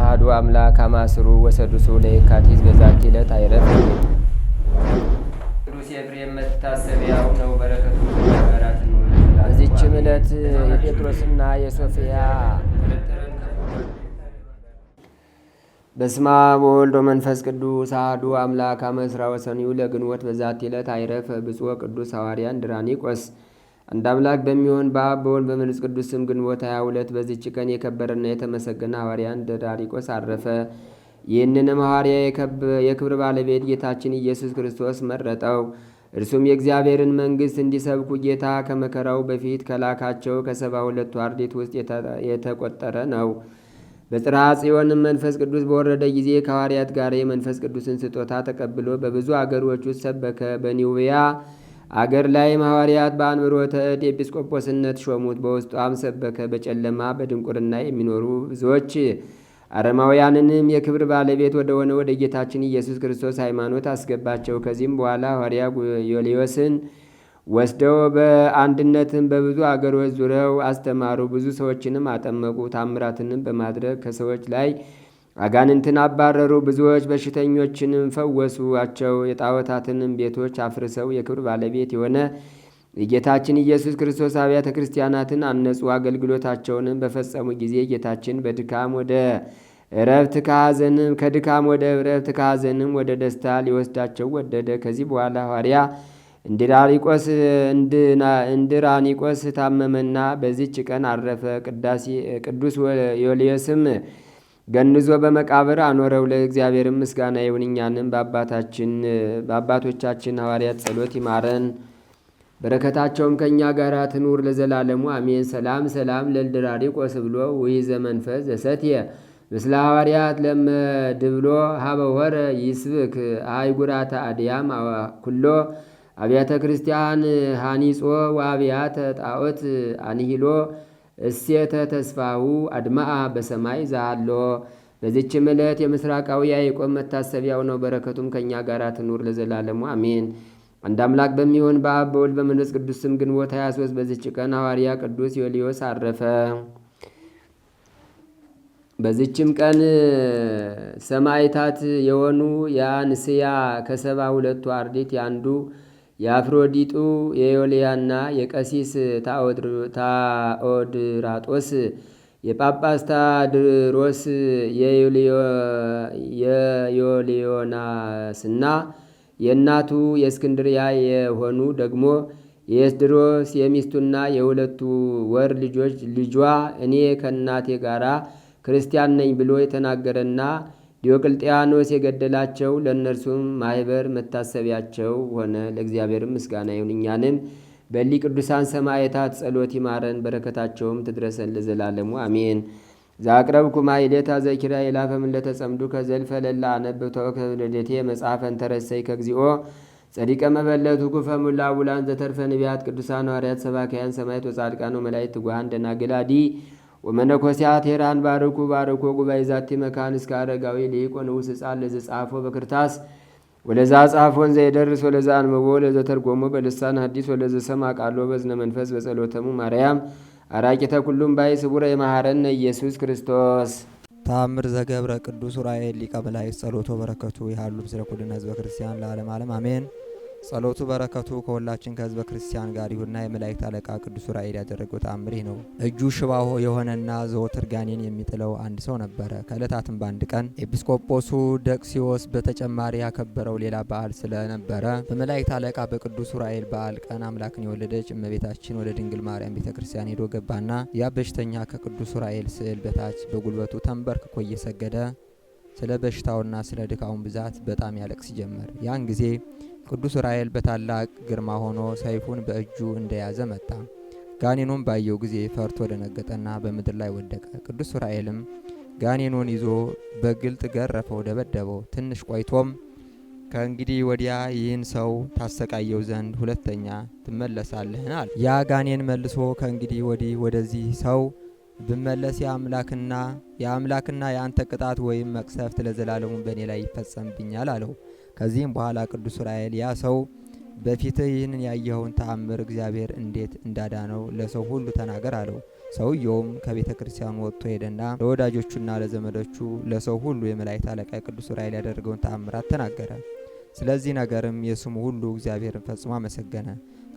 አሐዱ አምላክ አማስሩ ወሰዱሱ ለየካቲት በዛቲ ዕለት አይረፍ። ቅዱስ ኤፍሬም መታሰቢያው ነው። በረከቱ በዚችም ዕለት የጴጥሮስና የሶፊያ በስማ ወወልድ ወመንፈስ ቅዱስ አሐዱ አምላክ አመስራ ወሰኒው ለግንቦት በዛቲ ዕለት አይረፈ ብፁዕ ቅዱስ ሐዋርያ እንድራኒቆስ አንድ አምላክ በሚሆን በአብ በወልድ በመንፈስ ቅዱስ ስም ግንቦት 22 በዚች ቀን የከበረና የተመሰገነ ሐዋርያ እንደራሪቆስ አረፈ። ይህንንም ሐዋርያ የክብር ባለቤት ጌታችን ኢየሱስ ክርስቶስ መረጠው። እርሱም የእግዚአብሔርን መንግሥት እንዲሰብኩ ጌታ ከመከራው በፊት ከላካቸው ከሰባ ሁለቱ አርዴት ውስጥ የተቆጠረ ነው። በጽርሐ ጽዮንም መንፈስ ቅዱስ በወረደ ጊዜ ከሐዋርያት ጋር የመንፈስ ቅዱስን ስጦታ ተቀብሎ በብዙ አገሮች ውስጥ ሰበከ። በኒውያ አገር ላይም ሐዋርያት በአንብሮተ እድ ኤጲስቆጶስነት ሾሙት። በውስጧም ሰበከ። በጨለማ በድንቁርና የሚኖሩ ብዙዎች አረማውያንንም የክብር ባለቤት ወደ ሆነ ወደ ጌታችን ኢየሱስ ክርስቶስ ሃይማኖት አስገባቸው። ከዚህም በኋላ ሐዋርያ ዮልዮስን ወስደው በአንድነትም በብዙ አገሮች ዙረው አስተማሩ። ብዙ ሰዎችንም አጠመቁ። ታምራትንም በማድረግ ከሰዎች ላይ አጋንንትን አባረሩ፣ ብዙዎች በሽተኞችንም ፈወሱአቸው። የጣዖታትንም ቤቶች አፍርሰው የክብር ባለቤት የሆነ የጌታችን ኢየሱስ ክርስቶስ አብያተ ክርስቲያናትን አነጹ። አገልግሎታቸውንም በፈጸሙ ጊዜ ጌታችን በድካም ወደ እረፍት ከሐዘንም ከድካም ወደ እረፍት ከሐዘንም ወደ ደስታ ሊወስዳቸው ወደደ። ከዚህ በኋላ ሐዋርያ እንድራኒቆስ እንድራኒቆስ ታመመና በዚች ቀን አረፈ። ቅዱስ ዮልዮስም ገንዞ በመቃብር አኖረው። ለእግዚአብሔርም ምስጋና ይሁን፣ እኛንም በአባታችን በአባቶቻችን ሐዋርያት ጸሎት ይማረን፣ በረከታቸውም ከእኛ ጋር ትኑር ለዘላለሙ አሜን። ሰላም ሰላም ለልድራሪ ብሎ ውይ ዘመንፈስ ዘሰትየ ምስለ ሐዋርያት ለመድብሎ ሀበወረ ይስብክ አይጉራተ አድያም ኩሎ አብያተ ክርስቲያን ሃኒጾ ወአብያተ ጣዖት አንሂሎ እሴተ ተስፋው አድማአ በሰማይ ዛሎ። በዚችም ዕለት የምስራቃዊ ያዕቆብ መታሰቢያው ነው። በረከቱም ከእኛ ጋር ትኑር ለዘላለሙ አሜን። አንድ አምላክ በሚሆን በአብ በወልድ በመንፈስ ቅዱስ ስም ግንቦት 23 በዚች ቀን ሐዋርያ ቅዱስ ዮልዮስ አረፈ። በዚችም ቀን ሰማዕታት የሆኑ የአንስያ ከሰባ ሁለቱ አርዲት የአንዱ የአፍሮዲጡ የዮልያና የቀሲስ ታኦድራጦስ የጳጳስ ታድሮስ የዮሊዮናስና የእናቱ የእስክንድሪያ የሆኑ ደግሞ የኤስድሮስ የሚስቱና የሁለቱ ወር ልጆች ልጇ እኔ ከእናቴ ጋራ ክርስቲያን ነኝ ብሎ የተናገረና ዲዮቅልጥያኖስ የገደላቸው ለእነርሱም ማይበር መታሰቢያቸው ሆነ። ለእግዚአብሔር ምስጋና ይሁን። እኛንም በሊ ቅዱሳን ሰማዕታት ጸሎት ይማረን፣ በረከታቸውም ትድረሰን ለዘላለሙ አሜን። ዛቅረብኩ ማይሌታ ዘኪራ የላፈምን ለተጸምዱ ከዘልፈ ለላ አነብተወ ከልደቴ መጽሐፈን ተረሰይ ከግዚኦ ጸዲቀ መበለቱ ኩፈሙላ ውላን ዘተርፈ ነቢያት ቅዱሳን ሐዋርያት ሰባካያን ሰማዕት ወጻድቃን ወመላእክት ትጉሃን ደናግል አዲ ወመነኮሲያት ሄራን ባርኩ ባርኮ ጉባኤ ዛቲ መካን እስከ አረጋዊ ሊቆ ንዑስ ሕፃን ለዘ ጻፎ በክርታስ ወለዛ ጻፎን ዘይደርስ ወለዛ አንብቦ ለዘ ተርጎሞ በልሳን ሀዲስ ወለዘ ሰማ ቃሎ በዝነ መንፈስ በጸሎተሙ ማርያም አራቂተ ኩሉም ባይ ስቡረ የማሐረነ ኢየሱስ ክርስቶስ ተአምር ዘገብረ ቅዱስ ዑራኤል ሊቀ መላእክት ጸሎቶ በረከቱ ይሃሉ ስለ ኩልነ ህዝበ ክርስቲያን ለዓለም ዓለም አሜን። ጸሎቱ በረከቱ ከሁላችን ከህዝበ ክርስቲያን ጋር ይሁንና የመላእክት አለቃ ቅዱስ ራኤል ያደረገው ተአምር ነው። እጁ ሽባ የሆነና ዘወትር ጋኔን የሚጥለው አንድ ሰው ነበረ። ከእለታትም በአንድ ቀን ኤጲስቆጶሱ ደቅሲዎስ በተጨማሪ ያከበረው ሌላ በዓል ስለነበረ በመላእክት አለቃ በቅዱስ ራኤል በዓል ቀን አምላክን የወለደች እመቤታችን ወደ ድንግል ማርያም ቤተ ክርስቲያን ሄዶ ገባና ያ በሽተኛ ከቅዱስ ራኤል ስዕል በታች በጉልበቱ ተንበርክኮ እየሰገደ ስለ በሽታውና ስለ ድካውን ብዛት በጣም ያለቅስ ጀመር። ያን ጊዜ ቅዱስ ራኤል በታላቅ ግርማ ሆኖ ሰይፉን በእጁ እንደያዘ መጣ። ጋኔኖን ባየው ጊዜ ፈርቶ ደነገጠና በምድር ላይ ወደቀ። ቅዱስ ራኤልም ጋኔኑን ይዞ በግልጥ ገረፈው፣ ደበደበው። ትንሽ ቆይቶም ከእንግዲህ ወዲያ ይህን ሰው ታሰቃየው ዘንድ ሁለተኛ ትመለሳለህን? አለ። ያ ጋኔን መልሶ ከእንግዲህ ወዲህ ወደዚህ ሰው ብመለስ የአምላክና የአምላክና የአንተ ቅጣት ወይም መቅሰፍት ለዘላለሙ በእኔ ላይ ይፈጸምብኛል አለው። ከዚህም በኋላ ቅዱስ ዑራኤል ያ ሰው በፊት ይህንን ያየኸውን ተአምር እግዚአብሔር እንዴት እንዳዳነው ለሰው ሁሉ ተናገር አለው። ሰውየውም ከቤተ ክርስቲያን ወጥቶ ሄደና ለወዳጆቹና ለዘመዶቹ ለሰው ሁሉ የመላእክት አለቃ ቅዱስ ዑራኤል ያደረገውን ተአምራት ተናገረ። ስለዚህ ነገርም የስሙ ሁሉ እግዚአብሔርን ፈጽሞ አመሰገነ።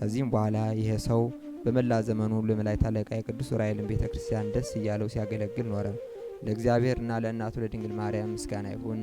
ከዚህም በኋላ ይሄ ሰው በመላ ዘመኑ ሁሉ የመላእክት አለቃ የቅዱስ ዑራኤልን ቤተ ክርስቲያን ደስ እያለው ሲያገለግል ኖረ። ለእግዚአብሔርና ለእናቱ ለድንግል ማርያም ምስጋና ይሁን።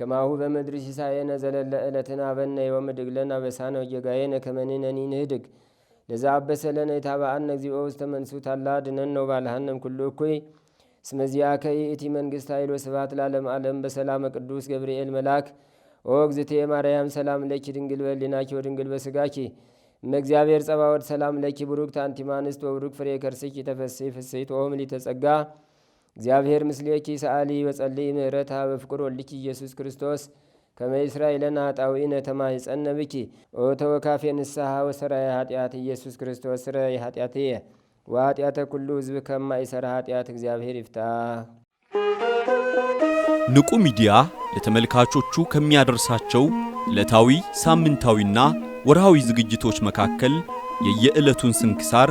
ከማሁ በምድሪ ሲሳየነ ዘለለ ዕለትን አበነ ወምድግለን አበሳነ ወጌጋየነ ከመንነኒ ንህድግ ለዛ አበሰለነ የታብአነ እግዚኦ ውስተ መንሱት ታላ ድነን ነው ባልሃንም ኩሉ እኩይ ስመዚያ ከይ እቲ መንግስት ኃይሎ ስባት ላለም ዓለም በሰላመ ቅዱስ ገብርኤል መልአክ ኦ እግዝቴ ማርያም ሰላም ለኪ ድንግል በሊናኪ ወድንግል በስጋኪ እመእግዚአብሔር ጸባወድ ሰላም ለኪ ብሩክት ታንቲማንስት እምአንስት ወብሩክ ፍሬ ከርስኪ ተፈሴ ፍሥሕት ኦ ምልዕተ እግዚአብሔር ምስሌኪ ሰአሊ በጸልይ ምህረታ በፍቅር ወልኪ ኢየሱስ ክርስቶስ ከመ እስራኤለን አጣዊነ ተማይጸነ ብኪ ኦ ተወካፌ ንስሐ ወሰራየ ኃጢአት ኢየሱስ ክርስቶስ ስረይ ኃጢአትየ ወኃጢአተ ኩሉ ሕዝብ ከማይሰራ ኃጢአት እግዚአብሔር ይፍታ። ንቁ ሚዲያ ለተመልካቾቹ ከሚያደርሳቸው ዕለታዊ ሳምንታዊና ወርሃዊ ዝግጅቶች መካከል የየዕለቱን ስንክሳር